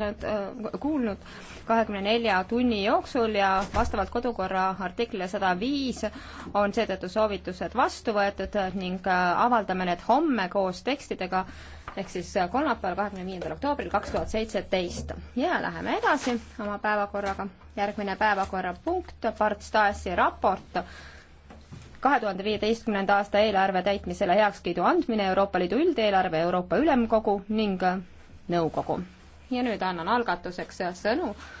Äh, kuulnud kahekümne nelja tunni jooksul ja vastavalt kodukorra artiklile sada viis on seetõttu soovitused vastu võetud ning äh, avaldame need homme koos tekstidega ehk siis äh, kolmapäeval, kahekümne viiendal oktoobril kaks tuhat seitseteist. ja läheme edasi oma päevakorraga. järgmine päevakorrapunkt, Parts Taesi raport kahe tuhande viieteistkümnenda aasta eelarve täitmisele heakskiidu andmine Euroopa Liidu üldeelarve, Euroopa Ülemkogu ning nõukogu ja nüüd annan algatuseks sõnu